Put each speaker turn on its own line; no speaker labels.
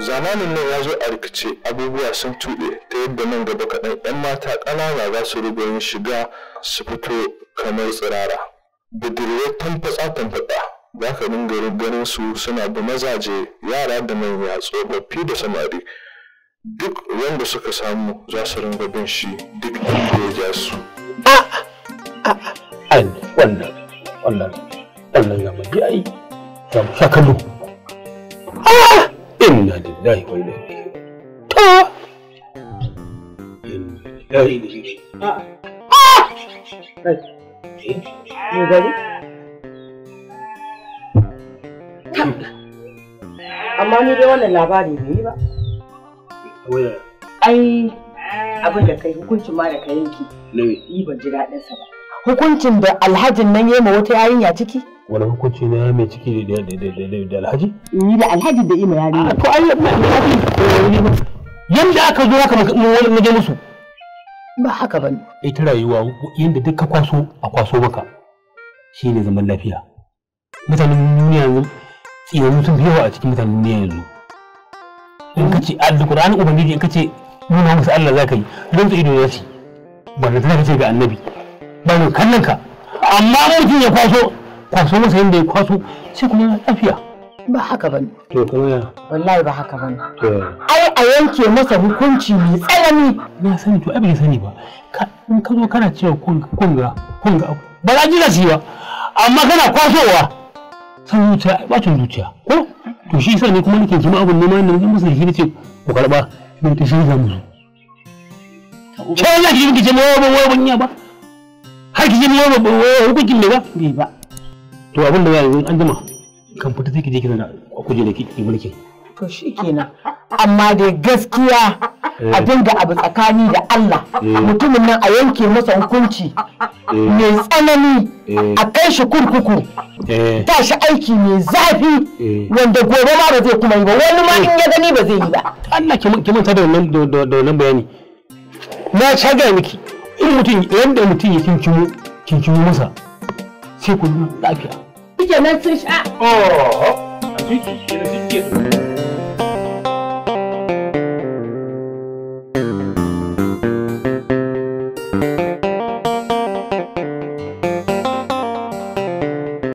zamanin nan ya zo a rikice abubuwa sun tuɗe ta yadda nan gaba kaɗan 'yan mata ƙanana za su yin shiga su fito kamar tsirara budurwar tamfatsa tamfatsa za ka dinga ganin su suna da mazaje yara da manya tsofaffi da samari duk wanda suka samu za su ringa bin shi duk inda ya ja su wannan wannan wannan ya mabi ai ya mu inna lillahi wa inna ilaihi ta amma ni dai wannan labari bai yi ba ai abin da kai hukuncin ma da ka yanki ni ban ji daɗinsa ba hukuncin da alhajin nan ya ma wata yarinya ciki wani hukunci na mai ciki da alhaji ni da alhaji da ima yarinya to ai yanda aka zo haka mu je musu ba haka bane ita rayuwa yanda duk ka kwaso a kwaso maka ne zaman lafiya mutanen duniya yanzu tsiyanu sun fi yawa a cikin mutanen duniya yanzu in ka ce alƙur'ani ubangiji in ka ce nuna musu Allah za ka yi don su ido ya ce. ba da ta ce ga annabi ba ne kallon ka amma mutum ya kwaso kwaso masa yadda ya kwaso sai kuma yana lafiya ba haka ba ne to kuma ya wallahi ba haka ba ne ai a yanke masa hukunci mai tsanani na sani to abin sani ba in ka zo kana cewa kunga kunga ba za ji da shi ba amma kana kwasowa san zuciya bacin zuciya ko to shi yasa ne kuma nake kima abin nema ne musu da shi nace ku karba mun ta shi za mu zo ke ya ki ki ce mu ba wai ya ba har ki je biyo ba hukuncin ne ba bai ba to abin da yanzu an jima kan fita sai ki je ki zana a da ki mulki to shikenan amma da gaskiya a eh. dinga abu tsakani da Allah eh. mutumin nan a yanke masa hukunci eh. mai tsanani a kai shi kurkuku ta shi aiki mai zafi wanda gobe ma ba zai kuma yi ba wani ma in ya gani ba zai yi ba Allah ki manta da wannan bayani na shaga miki in mutum yadda mutum ya kinkimo kinkimo masa sai kullum lafiya. Kike nan sun sha. Oh, a cikin shi na